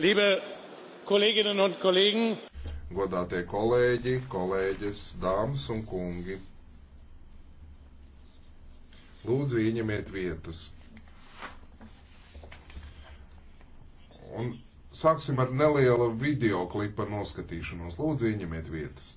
Liebe Kolleginnen und Kollegen, godātie kolēģi, kolēģis, dāmas un kungi, lūdzu ieņemiet vietas. Un sāksim ar nelielu video klipa noskatīšanos. Lūdzu ieņemiet vietas.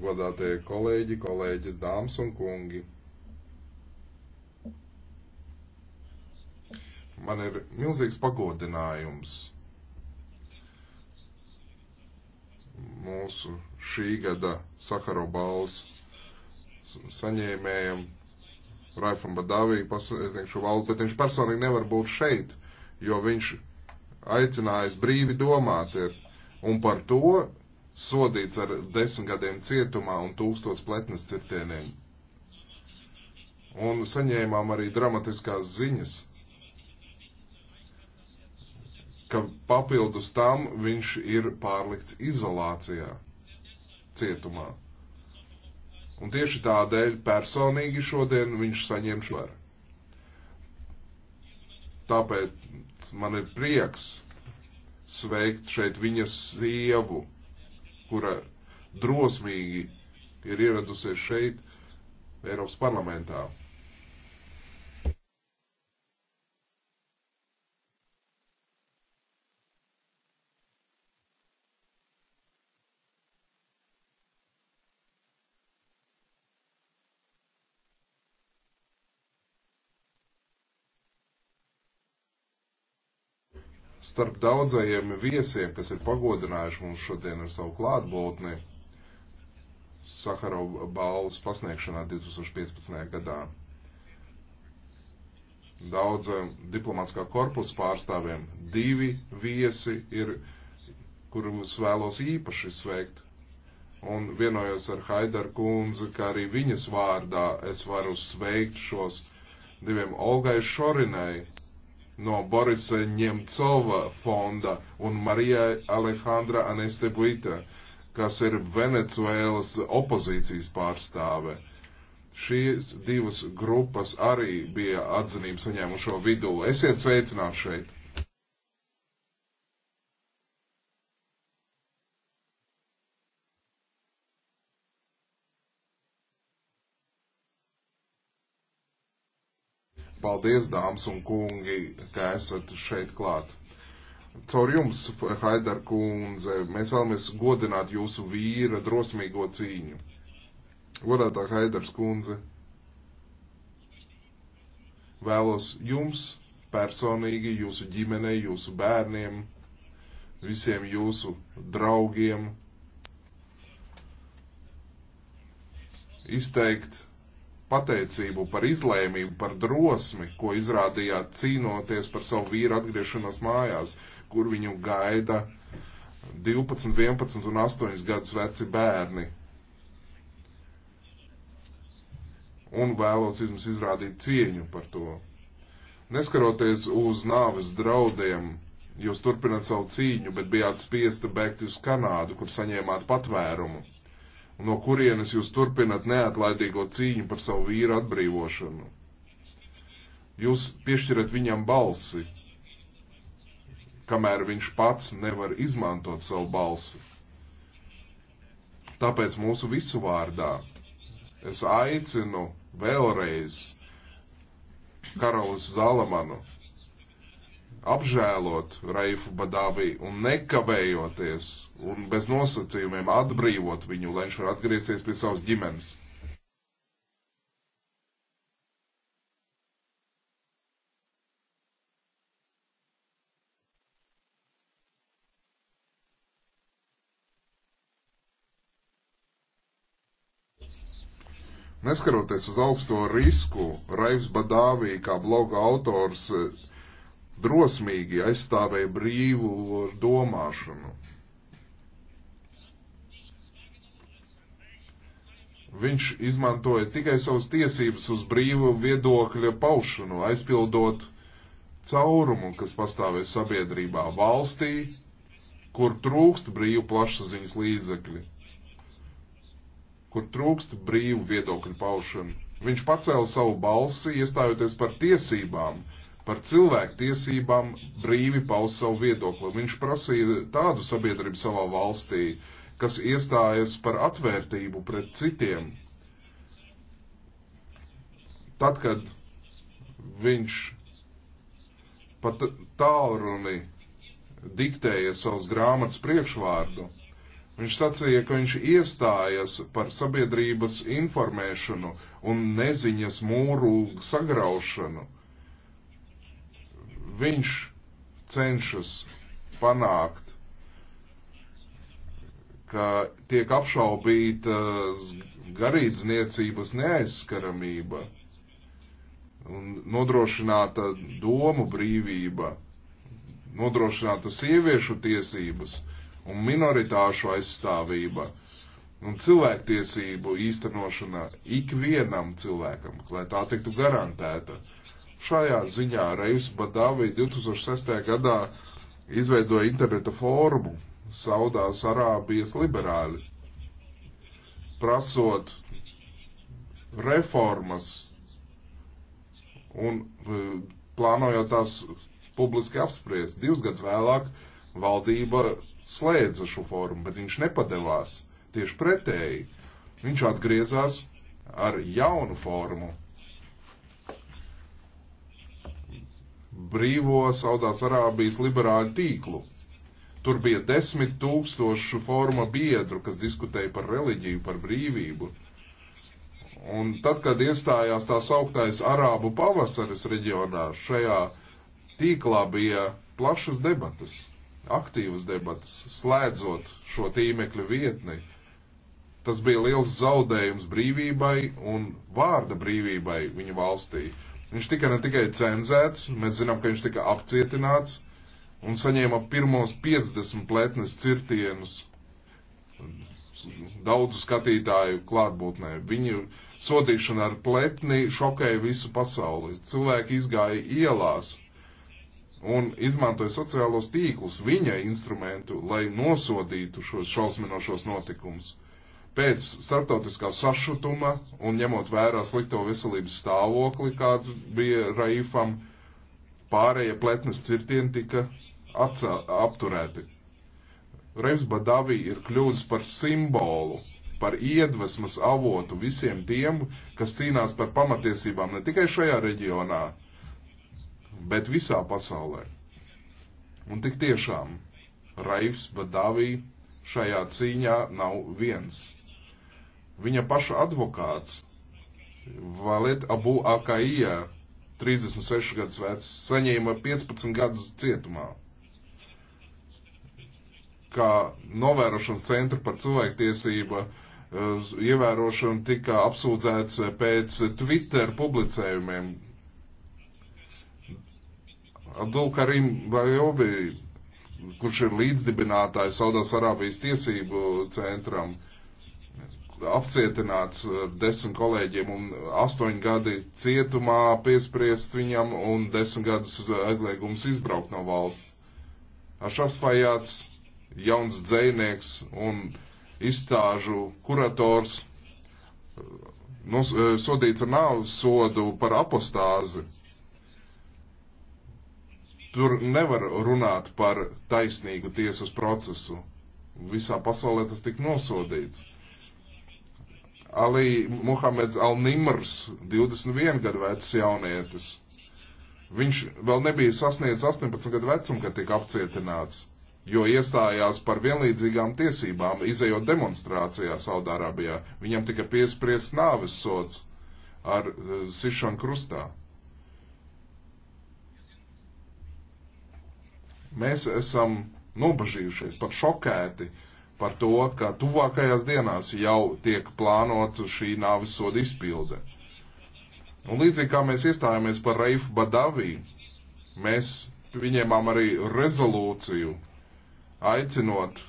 godātie kolēģi, kolēģis, dāmas un kungi. Man ir milzīgs pagodinājums mūsu šī gada Sakaro balss saņēmējam Raifam Badavī pasniegšu valdu, bet viņš personīgi nevar būt šeit, jo viņš aicinājis brīvi domāt ir. Un par to sodīts ar desmit gadiem cietumā un tūkstots pletnes cirtieniem. Un saņēmām arī dramatiskās ziņas, ka papildus tam viņš ir pārlikts izolācijā, cietumā. Un tieši tādēļ personīgi šodien viņš saņem šo varu. Tāpēc man ir prieks sveikt šeit viņas sievu, kura drosmīgi ir ieradusies šeit, Eiropas parlamentā. starp daudzajiem viesiem, kas ir pagodinājuši mums šodien ar savu klātbūtni Saharova balvas pasniegšanā 2015. gadā. Daudz eh, diplomātskā korpusa pārstāvjiem divi viesi ir, kurus vēlos īpaši sveikt. Un vienojos ar Haidaru kundzi, ka arī viņas vārdā es varu sveikt šos diviem Olgai Šorinai, no Borisa Ņemcova fonda un Marija Alejandra Anestebuita, kas ir Venecuēlas opozīcijas pārstāve. Šīs divas grupas arī bija atzinības saņēmušo vidū. Esiet sveicināti šeit! Paldies, dāmas un kungi, ka esat šeit klāt. Caur jums, Haidar kundze, mēs vēlamies godināt jūsu vīra drosmīgo cīņu. Godātā Haidars kundze, vēlos jums personīgi, jūsu ģimenei, jūsu bērniem, visiem jūsu draugiem izteikt pateicību par izlēmību, par drosmi, ko izrādījāt cīnoties par savu vīru atgriešanos mājās, kur viņu gaida 12, 11 un 8 gadus veci bērni. Un vēlos jums izrādīt cieņu par to. Neskaroties uz nāves draudiem, jūs turpināt savu cīņu, bet bijāt spiesta bēgt uz Kanādu, kur saņēmāt patvērumu no kurienes jūs turpināt neatlaidīgo cīņu par savu vīru atbrīvošanu. Jūs piešķirat viņam balsi, kamēr viņš pats nevar izmantot savu balsi. Tāpēc mūsu visu vārdā es aicinu vēlreiz karalis Zalamanu apžēlot Raifu Badāvi un nekavējoties un bez nosacījumiem atbrīvot viņu, lai viņš var atgriezties pie savas ģimenes. Neskaroties uz augsto risku, Raivs Badāvī kā bloga autors drosmīgi aizstāvēja brīvu domāšanu. Viņš izmantoja tikai savas tiesības uz brīvu viedokļa paušanu, aizpildot caurumu, kas pastāvēja sabiedrībā valstī, kur trūkst brīvu plašsaziņas līdzekļi, kur trūkst brīvu viedokļu paušanu. Viņš pacēla savu balsi, iestājoties par tiesībām, par cilvēku tiesībām brīvi paust savu viedokli. Viņš prasīja tādu sabiedrību savā valstī, kas iestājas par atvērtību pret citiem. Tad, kad viņš pat tālruni diktēja savus grāmatas priekšvārdu, viņš sacīja, ka viņš iestājas par sabiedrības informēšanu un neziņas mūru sagraušanu. Viņš cenšas panākt, ka tiek apšaubīta garīdzniecības neaizskaramība un nodrošināta domu brīvība, nodrošināta sieviešu tiesības un minoritāšu aizstāvība un cilvēktiesību īstenošana ikvienam cilvēkam, lai tā tiktu garantēta. Šajā ziņā Reivs Badāvi 2006. gadā izveidoja interneta fórumu Saudās Arābijas liberāļi, prasot reformas un e, plānojot tās publiski apspriest. Divus gadus vēlāk valdība slēdza šo fórumu, bet viņš nepadevās. Tieši pretēji, viņš atgriezās ar jaunu fórumu, brīvo Saudās-Arābijas liberāļu tīklu. Tur bija desmit tūkstošu forma biedru, kas diskutēja par reliģiju, par brīvību. Un tad, kad iestājās tā sauktais Arābu pavasaris reģionā, šajā tīklā bija plašas debatas, aktīvas debatas, slēdzot šo tīmekļu vietni. Tas bija liels zaudējums brīvībai un vārda brīvībai viņa valstī. Viņš tika ne tikai cenzēts, mēs zinām, ka viņš tika apcietināts un saņēma pirmos 50 pletnes cirtienus daudzu skatītāju klātbūtnē. Viņu sodīšana ar pletni šokēja visu pasauli. Cilvēki izgāja ielās un izmantoja sociālos tīklus, viņa instrumentu, lai nosodītu šos šausminošos notikumus. Pēc starptautiskā sašutuma un ņemot vērā slikto veselības stāvokli, kāds bija Raifam, pārējie pletnes cirtieni tika atcā, apturēti. Reivs Badavi ir kļūdis par simbolu, par iedvesmas avotu visiem tiem, kas cīnās par pamatiesībām ne tikai šajā reģionā, bet visā pasaulē. Un tik tiešām Raivs Badavī šajā cīņā nav viens. Viņa paša advokāts Valet Abu Akaija, 36 gadus vecs, saņēma 15 gadus cietumā kā novērošanas centra par cilvēktiesība uh, eh, ievērošanu tika apsūdzēts pēc Twitter publicējumiem. Abdul Karim Bajobi, kurš ir līdzdibinātājs Saudās Arābijas tiesību centram, uh, apcietināts eh, desmit kolēģiem un astoņi gadi cietumā piespriest viņam un desmit gadus aizliegums izbraukt no valsts. Ašafs Fajāts, jauns dzējnieks un izstāžu kurators, eh, nos, eh, sodīts ar nāvus sodu par apostāzi. Tur nevar runāt par taisnīgu tiesas procesu. Visā pasaulē tas tik nosodīts. Alī Muhameds Al-Nimrs, 21 gadu vecs jaunietis. Viņš vēl nebija sasniedzis 18 gadu vecumu, kad tika apcietināts, jo iestājās par vienlīdzīgām tiesībām, izējot demonstrācijā Saudārābijā. Viņam tika piespriests nāves sots ar uh, eh, sišanu krustā. Mēs esam nobažījušies, pat šokēti uh, par to, ka tuvākajās dienās jau tiek plānota šī nāves soda izpilde. Un līdzīgi kā mēs iestājāmies par Reifu Badavī, mēs pieņēmām arī rezolūciju, aicinot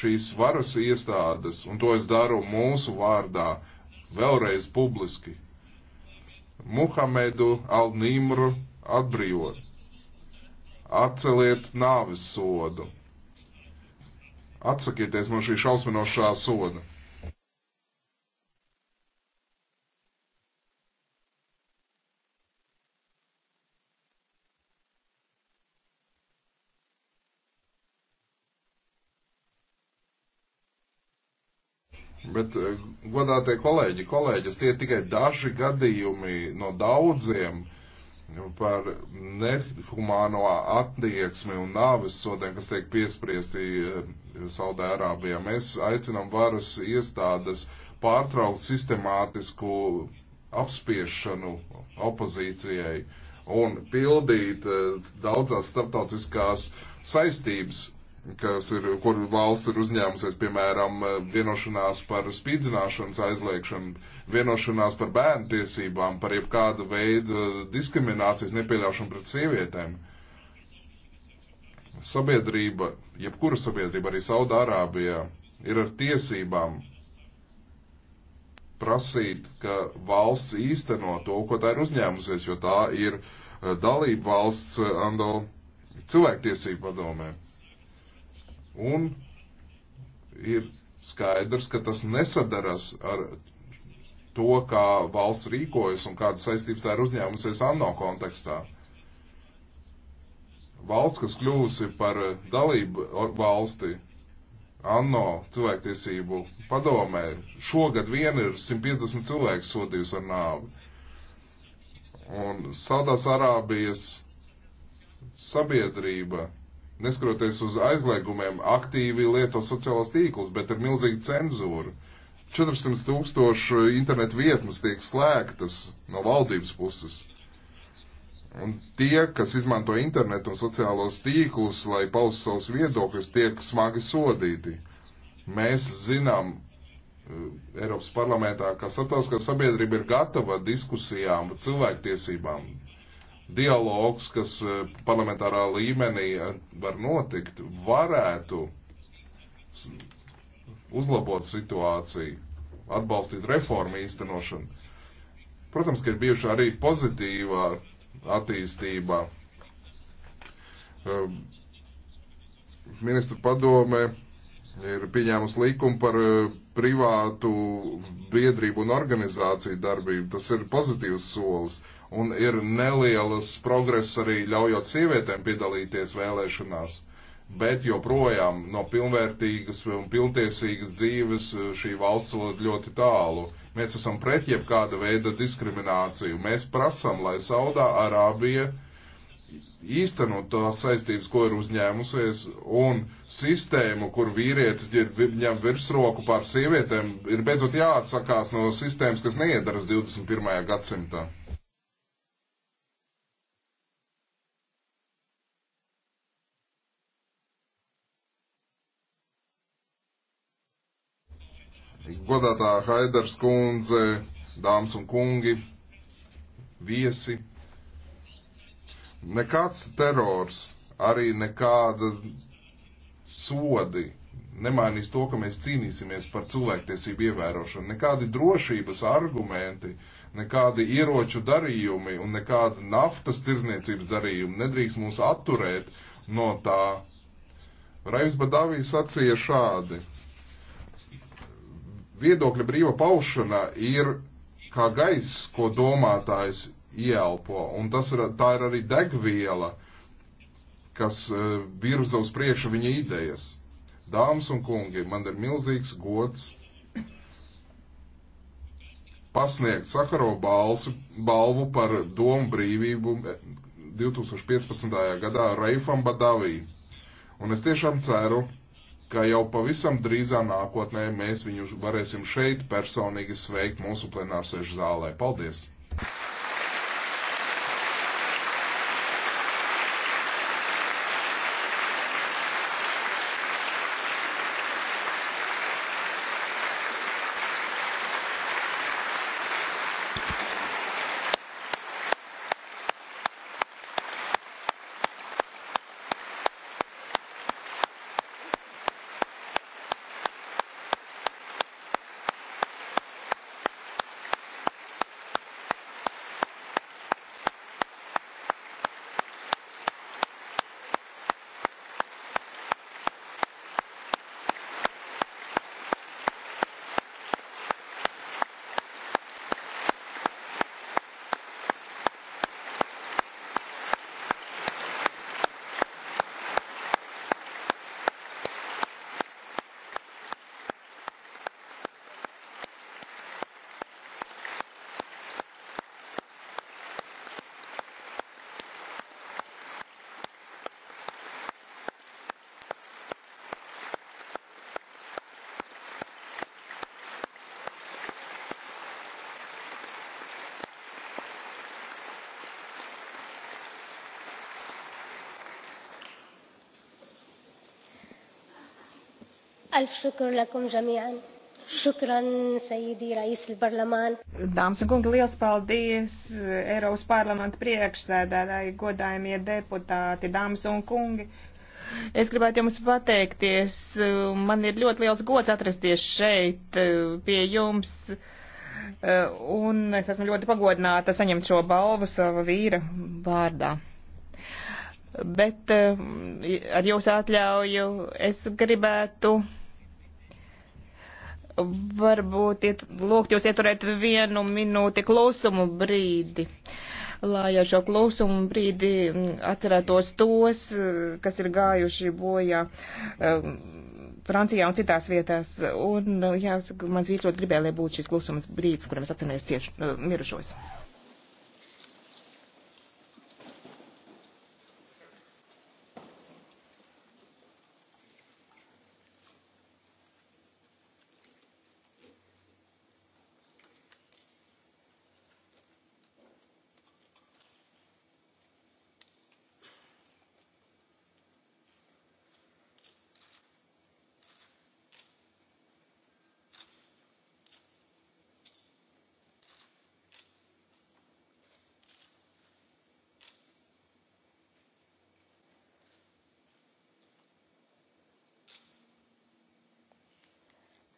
šīs varas iestādes, un to es daru mūsu vārdā, vēlreiz publiski, Muhamedu Al-Nimru atbrīvot, atceliet nāves sodu Atsakieties no šī šausminošā soda. Bet, eh, godātie kolēģi, kolēģis, tie ir tikai daži gadījumi no daudziem, uh, Nu, par nehumāno attieksmi un nāves sodiem, kas tiek piespriesti eh, Saudārābijā. Mēs aicinām varas iestādes pārtraukt sistemātisku apspiešanu opozīcijai un pildīt eh, daudzās starptautiskās saistības kas ir, kur valsts ir uzņēmusies, piemēram, vienošanās par spīdzināšanas aizliekšanu, vienošanās par bērnu tiesībām, par jebkādu veidu diskriminācijas nepieļaušanu pret sievietēm. Sabiedrība, jebkura sabiedrība, arī Saudārābijā, ir ar tiesībām prasīt, ka valsts īsteno to, ko tā ir uzņēmusies, jo tā ir eh, dalība valsts eh, Ando cilvēktiesību padomē. Un ir skaidrs, ka tas nesadaras ar to, kā valsts rīkojas un kādas saistības tā ir uzņēmusies ANO kontekstā. Valsts, kas kļūsi par dalību valsti ANO cilvēktiesību padomē, šogad vien ir 150 cilvēku sodījus ar nāvi. Un Saudās Arābijas sabiedrība neskatoties uz aizliegumiem, aktīvi lieto sociālos tīklus, bet ir milzīga cenzūra. 400 tūkstošu internetu vietnes tiek slēgtas no valdības puses. Un tie, kas izmanto internetu un sociālos tīklus, lai paustu savus viedokļus, tiek smagi sodīti. Mēs zinām eh, Eiropas parlamentā, ka starptautiskā sabiedrība ir gatava diskusijām par cilvēktiesībām, dialogs, kas eh, parlamentārā līmenī eh, var notikt, varētu uzlabot situāciju, atbalstīt reformu īstenošanu. Protams, ka ir bijuši arī pozitīvā attīstība. Eh, Ministra padome ir pieņēmusi likumu par privātu biedrību un organizāciju darbību. Tas ir pozitīvs solis un ir nelielas progress arī ļaujot sievietēm piedalīties vēlēšanās, bet joprojām no pilnvērtīgas un pilntiesīgas dzīves eh, šī valsts ir ļoti tālu. Mēs esam pret jebkāda veida diskrimināciju. Mēs prasam, lai Saudā Arābija īstenot tās saistības, ko ir uzņēmusies, un sistēmu, kur vīrietis ņem virsroku pār sievietēm, ir beidzot jāatsakās no sistēmas, kas neiedaras 21. gadsimtā. Godātā Haidars kundze, dāmas un kungi, viesi. Nekāds terors, arī nekāda sodi nemainīs to, ka mēs cīnīsimies par cilvēktiesību ievērošanu. Nekādi drošības argumenti, nekādi ieroču darījumi un nekāda naftas tirzniecības darījumi nedrīkst mūs atturēt no tā. Raivs Badavī sacīja šādi viedokļa brīva paušana ir kā gaiss, ko domātājs ieelpo, un tas ir, tā ir arī degviela, kas e, virza uz priekšu viņa idejas. Dāmas un kungi, man ir milzīgs gods pasniegt Sakaro balsu, balvu par domu brīvību 2015. E, gadā Raifam Badavī. Un es tiešām ceru, ka jau pavisam drīzā nākotnē mēs viņu varēsim šeit personīgi sveikt mūsu plenārsēžu zālē. Paldies! ألف شكر لكم جميعا Šukran, Saidī, Rais Barlamān. Dāmas un kungi, liels paldies eh, Eiropas parlamenta priekšsēdētāji, godājumie deputāti, dāmas un kungi. Es gribētu jums pateikties, eh, man ir ļoti liels gods atrasties šeit eh, pie jums, un es esmu ļoti pagodināta saņemt šo balvu sava vīra vārdā. Bet ar jūsu atļauju es gribētu Varbūt iet, lūgt jūs ieturēt vienu minūti klusumu brīdi, lai ar šo klusumu brīdi mm, atcerētos tos, kas ir gājuši bojā. Um, Francijā un citās vietās. Un, jāsaka, mans vīrs ļoti gribēja, lai būtu šis klusums brīdis, kuram es atceros cieši uh, mirušos.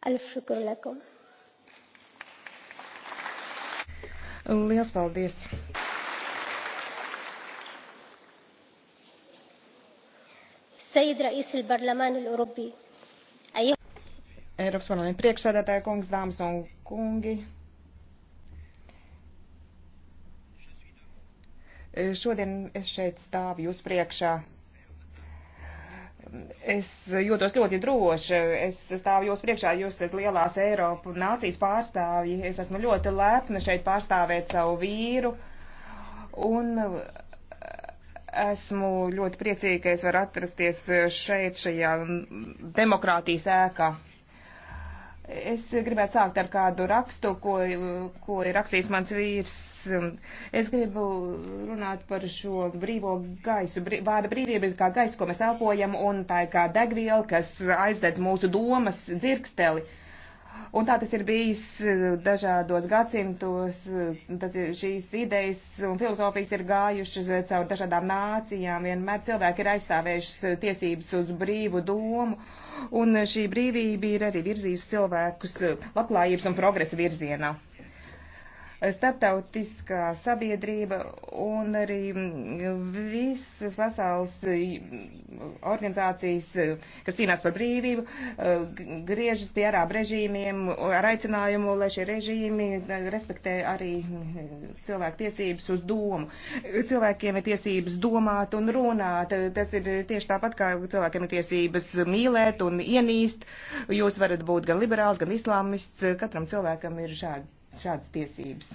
ألف شكر لكم Liels paldies! Said Rais al-Parlament al-Europi. Eiropas parlamenta priekšsēdētāja kungs, dāmas un kungi. Šodien es šeit stāvu jūs priekšā es jūtos ļoti droši. Es stāvu jūs priekšā, jūs esat lielās Eiropu nācijas pārstāvji. Es esmu ļoti lepna šeit pārstāvēt savu vīru. Un esmu ļoti priecīga, ka es varu atrasties šeit, šajā demokrātijas ēkā. Es gribētu sākt ar kādu rakstu, ko, ko ir rakstījis mans vīrs. Es gribu runāt par šo brīvo gaisu. Brī, vārda brīvība ir kā gaiss, ko mēs elpojam, un tā ir kā degviela, kas aizdedz mūsu domas dzirksteli. Uh, Un tā tas ir bijis eh, dažādos gadsimtos, eh, tas ir, šīs idejas un filozofijas ir gājušas eh, caur dažādām nācijām, vienmēr cilvēki ir aizstāvējuši tiesības uz brīvu domu, un šī brīvība ir arī virzījusi cilvēkus labklājības un progresa virzienā starptautiskā sabiedrība un arī visas pasaules organizācijas, kas cīnās par brīvību, griežas pie arābu režīmiem ar aicinājumu, lai šie režīmi respektē arī cilvēku tiesības uz domu. Cilvēkiem ir tiesības domāt un runāt. Tas ir tieši tāpat, kā cilvēkiem ir tiesības mīlēt un ienīst. Jūs varat būt gan liberāls, gan islāmists. Katram cilvēkam ir šāda šādas tiesības.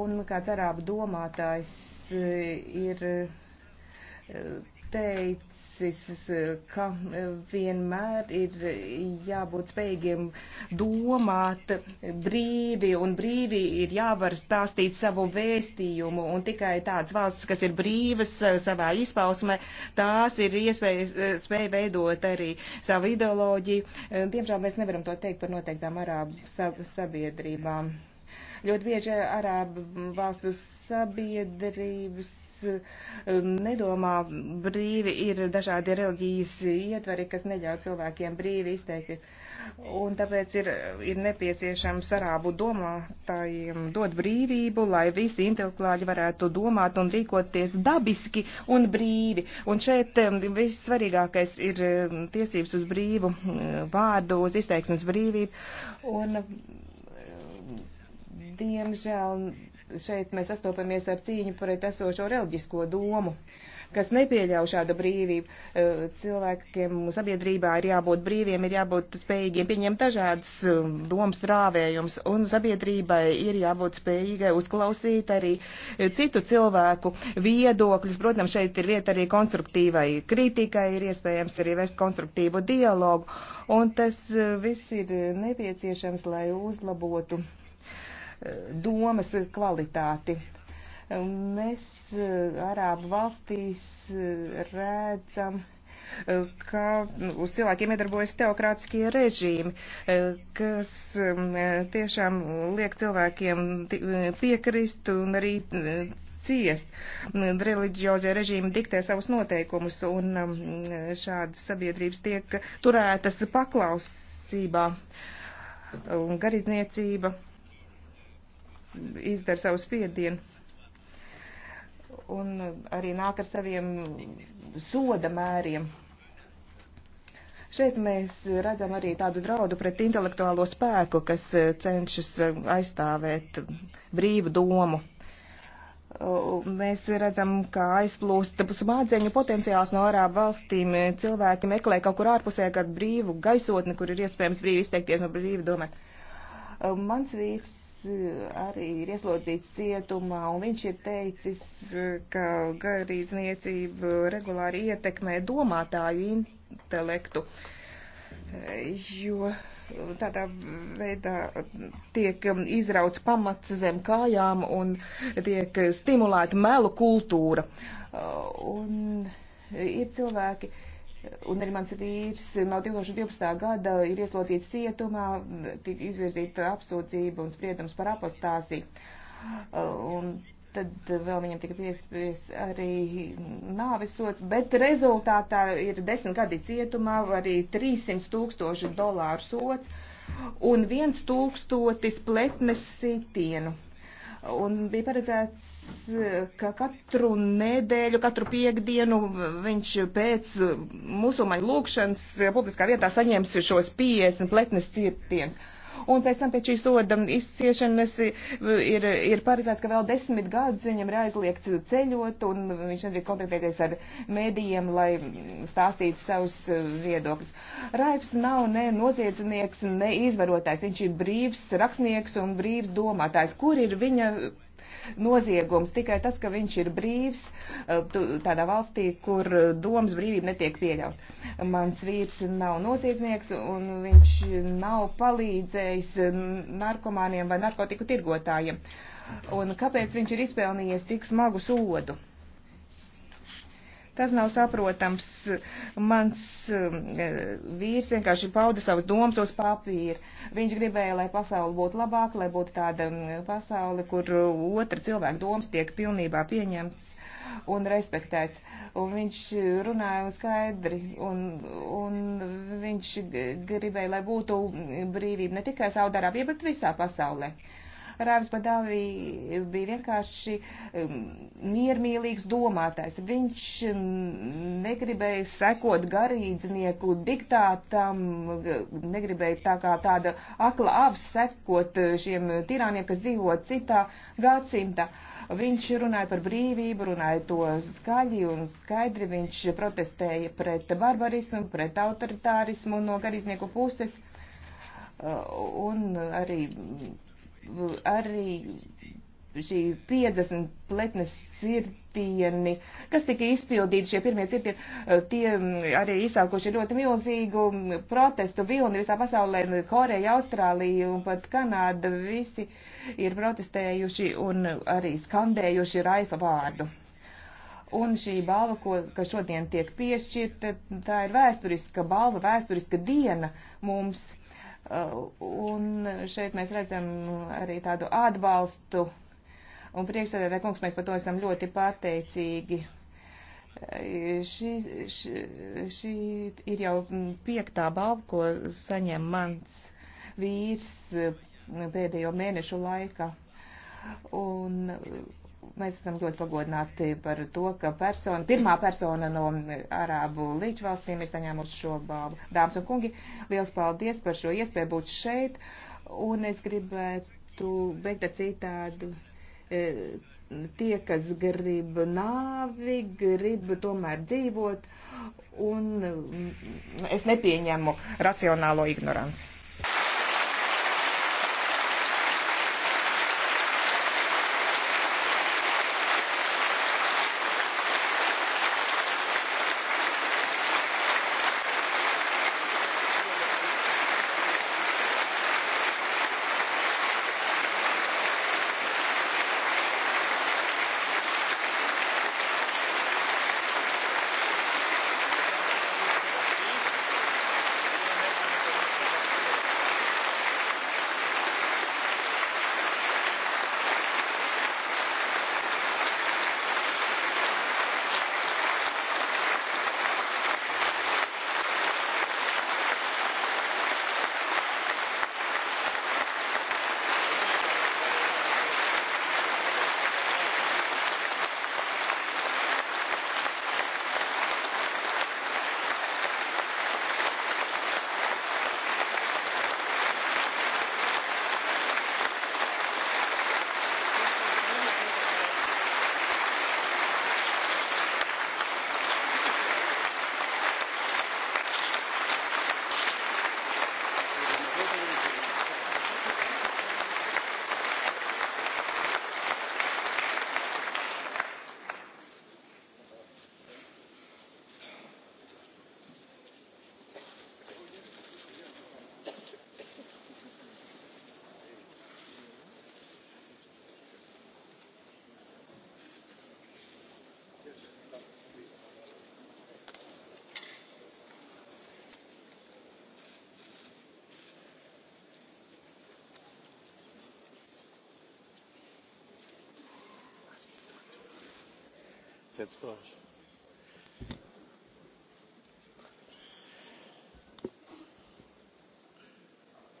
Un kāds arābu domātājs eh, ir eh, teicis, teicis, eh, ka eh, vienmēr ir eh, jābūt spējīgiem domāt brīvi un brīvi ir jāvar stāstīt savu vēstījumu un tikai tāds valsts, kas ir brīvas savā izpausmē, tās ir iespēja spēja veidot arī savu ideoloģiju. Diemžēl mēs nevaram to teikt par noteiktām arābu sabiedrībām. Ļoti bieži arābu valstu sabiedrības nedomā brīvi, ir dažādi reliģijas ietveri, kas neļauj cilvēkiem brīvi izteikti. Un tāpēc ir, ir nepieciešams arābu domātājiem dot brīvību, lai visi intelektuāļi varētu domāt un rīkoties dabiski un brīvi. Un šeit um, vissvarīgākais ir um, tiesības uz brīvu um, vārdu, uz izteiksmes brīvību. Un, diemžēl šeit mēs sastopamies ar cīņu pret esošo reliģisko domu, kas nepieļauj šādu brīvību. E, cilvēkiem sabiedrībā ir jābūt brīviem, ir jābūt spējīgiem pieņemt dažādas e, domas rāvējumus, un sabiedrībai ir jābūt spējīgai uzklausīt arī e, citu cilvēku viedokļus. Protams, šeit ir vieta arī konstruktīvai kritikai, ir iespējams arī vest konstruktīvu dialogu, un tas viss ir nepieciešams, lai uzlabotu domas kvalitāti. Mēs eh, Arābu valstīs eh, redzam eh, ka uz cilvēkiem iedarbojas teokrātiskie režīmi, kas tiešām liek cilvēkiem piekrist un arī ciest. Reliģiozie režīmi diktē savus noteikumus un mm, šādas sabiedrības tiek turētas paklausībā un garīdzniecība izdara savu spiedienu. Un arī nāk ar saviem soda mēriem. Šeit mēs redzam arī tādu draudu pret intelektuālo spēku, kas cenšas aizstāvēt brīvu domu. Mēs redzam, kā aizplūst smadzeņu potenciāls no ārābu valstīm. Cilvēki meklē kaut kur ārpusē kādu brīvu gaisotni, kur ir iespējams brīvi izteikties un brīvi domāt. Mans vīrs arī ir ieslodzīts cietumā, un viņš ir teicis, ka garīdzniecība regulāri ietekmē domātāju intelektu, jo tādā veidā tiek izrauts pamats zem kājām un tiek stimulēta melu kultūra. Un ir cilvēki, uh, Un arī mans vīrs no 2012. gada ir ieslodzīts cietumā, tika izvirzīta apsūdzība un spriedums par apostāziju. Un tad vēl viņam tika piespies arī nāvisots, bet rezultātā ir desmit gadi cietumā, arī 300 tūkstoši dolāru sots un viens tūkstotis pletnes sitienu un bija paredzēts, ka katru nedēļu, katru piekdienu viņš pēc musulmaņu lūkšanas publiskā vietā saņems šos 50 pletnes cietienus un pēc tam pēc šīs soda izciešanas ir, ir paredzēts, ka vēl desmit gadus viņam ir aizliegts ceļot, un viņš nevar kontaktēties ar mēdījiem, lai stāstītu savus viedokļus. Raips nav ne noziedznieks, ne izvarotājs, viņš ir brīvs rakstnieks un brīvs domātājs. Kur ir viņa noziegums. Tikai tas, ka viņš ir brīvs eh, tādā valstī, kur eh, domas brīvība netiek pieļaut. Mans vīrs nav noziedznieks un viņš nav palīdzējis narkomāniem vai narkotiku tirgotājiem. Un kāpēc viņš ir izpelnījies tik smagu sodu? Tas nav saprotams. Mans um, e, vīrs vienkārši pauda savas domas uz papīra. Viņš gribēja, lai pasauli būtu labāka, lai būtu tāda um, pasauli, kur otra cilvēka domas tiek pilnībā pieņemts un respektēts. Un viņš runāja skaidri, un, un viņš gribēja, lai būtu brīvība ne tikai Saudārābija, bet visā pasaulē. Uh, Rāvis Badāvi bija vienkārši um, miermīlīgs domātais. Viņš um, negribēja sekot garīdznieku diktātam, negribēja tā kā tāda akla avs sekot uh, šiem tirāniem, kas dzīvo citā gadsimta. Viņš runāja par brīvību, runāja to skaļi un skaidri. Viņš protestēja pret barbarismu, pret autoritārismu no garīdznieku puses. Uh, un arī arī šī 50 pletnes cirtieni, kas tika izpildīti šie pirmie cirtieni, eh, tie mm, arī izsākuši ļoti milzīgu mm, protestu vilni visā pasaulē, nu, Koreja, Austrālija un pat Kanāda visi ir protestējuši un arī skandējuši Raifa vārdu. Un šī balva, ko, kas šodien tiek piešķirta, tā ir vēsturiska balva, vēsturiska diena mums Un šeit mēs redzam arī tādu atbalstu. Un priekšsēdētāji kungs, mēs par to esam ļoti pateicīgi. Šī, šī, šī ir jau piektā balva, ko saņem mans vīrs pēdējo mēnešu laikā. Un Mēs esam ļoti pagodināti par to, ka persona, pirmā persona no Arābu līdzvalstīm ir saņēmusi šo balvu. Dāmas un kungi, liels paldies par šo iespēju būt šeit, un es gribētu beigt ar citādu. E, tie, kas grib nāvi, grib tomēr dzīvot, un es nepieņemu racionālo ignoranci. jetzt durch.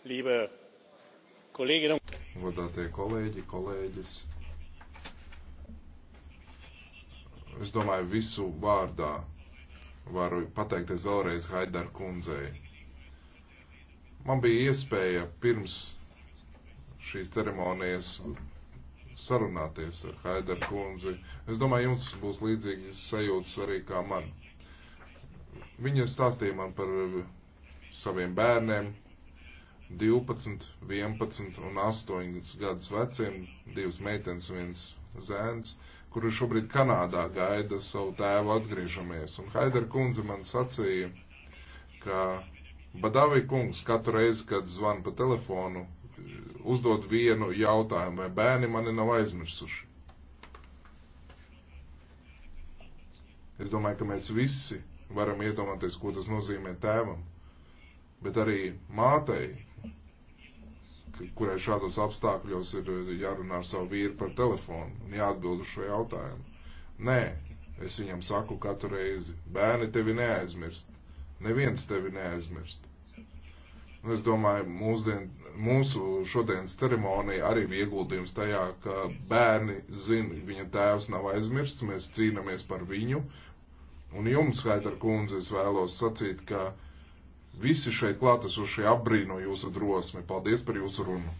Liebe Kolleginnen und Godātie kolēģi, kolēģis. Es domāju, visu vārdā varu pateikties vēlreiz Haidar kundzei. Man bija iespēja pirms šīs ceremonijas sarunāties ar Haider kundzi. Es domāju, jums būs līdzīgas sajūtas arī kā man. Viņa stāstīja man par saviem bērniem, 12, 11 un 8 gadus veciem, divas meitenes, viens zēns, kuri šobrīd Kanādā gaida savu tēvu atgriežamies. Un Haider kundze man sacīja, ka Badavi kungs katru reizi, kad zvan pa telefonu, uzdot vienu jautājumu, vai bērni mani nav aizmirsuši. Es domāju, ka mēs visi varam iedomāties, ko tas nozīmē tēvam, bet arī mātei, kurai šādos apstākļos ir jārunā ar savu vīru par telefonu un jāatbild uz šo jautājumu. Nē, es viņam saku katru reizi, bērni tevi neaizmirst, neviens tevi neaizmirst. Un es domāju, mūsdien mūsu šodienas ceremonija arī bija ieguldījums tajā, ka bērni zina, viņa tēvs nav aizmirsts, mēs cīnāmies par viņu. Un jums, Haitar kundze, es vēlos sacīt, ka visi šeit klātesošie apbrīno jūsu drosmi. Paldies par jūsu runu!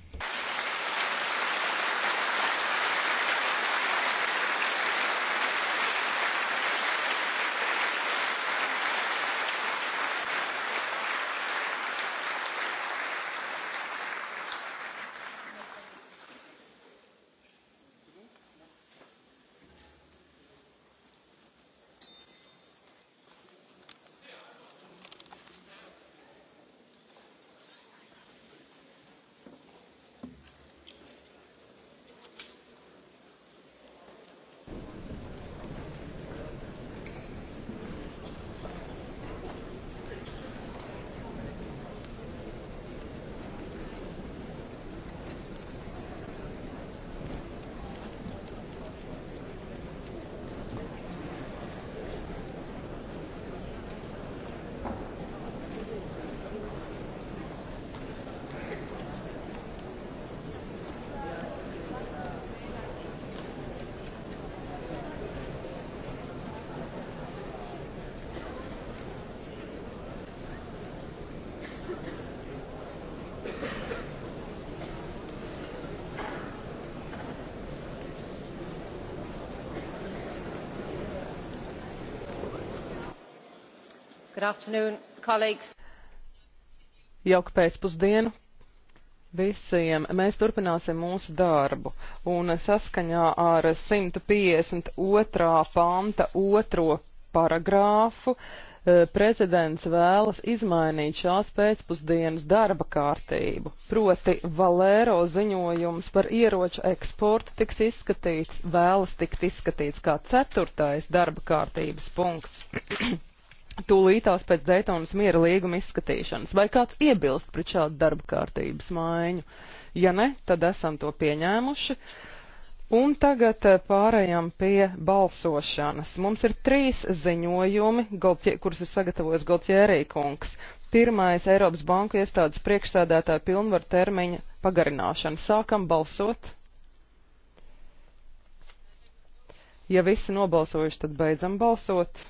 Jauka pēcpusdiena visiem. Mēs turpināsim mūsu darbu. Un saskaņā ar 152. panta otro paragrāfu eh, prezidents vēlas izmainīt šās pēcpusdienas darba kārtību. Proti Valēro ziņojums par ieroču eksportu tiks izskatīts, vēlas tikt izskatīts kā ceturtais darba kārtības punkts. tūlītās pēc Daytonas miera līguma izskatīšanas. Vai kāds iebilst pret šādu darba kārtības maiņu? Ja ne, tad esam to pieņēmuši. Un tagad eh, pārējām pie balsošanas. Mums ir trīs ziņojumi, Goltje, kurus ir sagatavojis Goltjērī kungs. Pirmais - Eiropas Banku iestādes priekšsēdētāja pilnvaru termiņa pagarināšana. Sākam balsot. Ja visi nobalsojuši, tad beidzam balsot.